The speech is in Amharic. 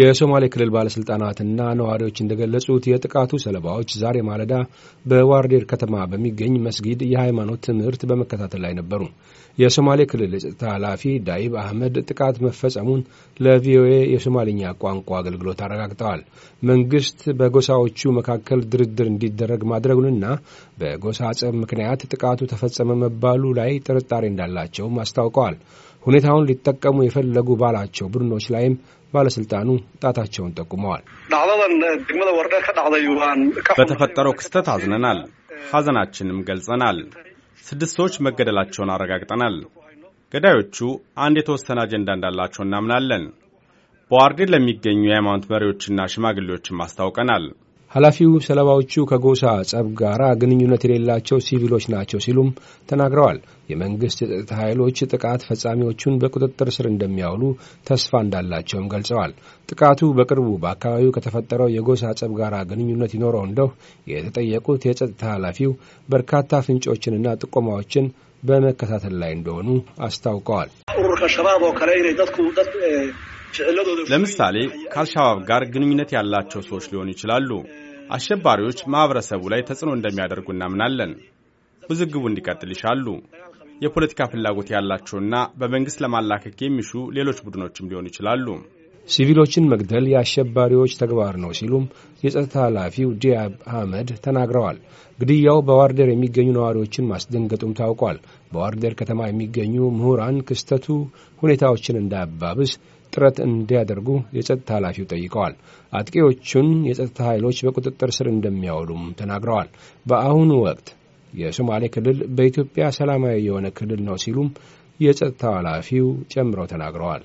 የሶማሌ ክልል ባለሥልጣናትና ነዋሪዎች እንደገለጹት የጥቃቱ ሰለባዎች ዛሬ ማለዳ በዋርዴር ከተማ በሚገኝ መስጊድ የሃይማኖት ትምህርት በመከታተል ላይ ነበሩ። የሶማሌ ክልል የጸጥታ ኃላፊ ዳይብ አህመድ ጥቃት መፈጸሙን ለቪኦኤ የሶማልኛ ቋንቋ አገልግሎት አረጋግጠዋል። መንግስት በጎሳዎቹ መካከል ድርድር እንዲደረግ ማድረጉንና በጎሳ ጸብ ምክንያት ጥቃቱ ተፈጸመ መባሉ ላይ ጥርጣሬ እንዳላቸውም አስታውቀዋል። ሁኔታውን ሊጠቀሙ የፈለጉ ባላቸው ቡድኖች ላይም ባለስልጣኑ ጣታቸውን ጠቁመዋል። በተፈጠረው ክስተት አዝነናል፣ ሐዘናችንም ገልጸናል። ስድስት ሰዎች መገደላቸውን አረጋግጠናል። ገዳዮቹ አንድ የተወሰነ አጀንዳ እንዳላቸው እናምናለን። በዋርዴ ለሚገኙ የሃይማኖት መሪዎችና ሽማግሌዎችም አስታውቀናል። ኃላፊው ሰለባዎቹ ከጎሳ ጸብ ጋር ግንኙነት የሌላቸው ሲቪሎች ናቸው ሲሉም ተናግረዋል። የመንግሥት የጸጥታ ኃይሎች ጥቃት ፈጻሚዎቹን በቁጥጥር ስር እንደሚያውሉ ተስፋ እንዳላቸውም ገልጸዋል። ጥቃቱ በቅርቡ በአካባቢው ከተፈጠረው የጎሳ ጸብ ጋር ግንኙነት ይኖረው እንደው የተጠየቁት የጸጥታ ኃላፊው በርካታ ፍንጮችንና ጥቆማዎችን በመከታተል ላይ እንደሆኑ አስታውቀዋል። ለምሳሌ ከአልሻባብ ጋር ግንኙነት ያላቸው ሰዎች ሊሆኑ ይችላሉ። አሸባሪዎች ማኅበረሰቡ ላይ ተጽዕኖ እንደሚያደርጉ እናምናለን። ውዝግቡ እንዲቀጥል ይሻሉ። የፖለቲካ ፍላጎት ያላቸውና በመንግሥት ለማላከክ የሚሹ ሌሎች ቡድኖችም ሊሆኑ ይችላሉ። ሲቪሎችን መግደል የአሸባሪዎች ተግባር ነው ሲሉም የጸጥታ ኃላፊው ዲያብ አህመድ ተናግረዋል። ግድያው በዋርደር የሚገኙ ነዋሪዎችን ማስደንገጡም ታውቋል። በዋርደር ከተማ የሚገኙ ምሁራን ክስተቱ ሁኔታዎችን እንዳያባብስ ጥረት እንዲያደርጉ የጸጥታ ኃላፊው ጠይቀዋል። አጥቂዎቹን የጸጥታ ኃይሎች በቁጥጥር ስር እንደሚያውሉም ተናግረዋል። በአሁኑ ወቅት የሶማሌ ክልል በኢትዮጵያ ሰላማዊ የሆነ ክልል ነው ሲሉም የጸጥታው ኃላፊው ጨምረው ተናግረዋል።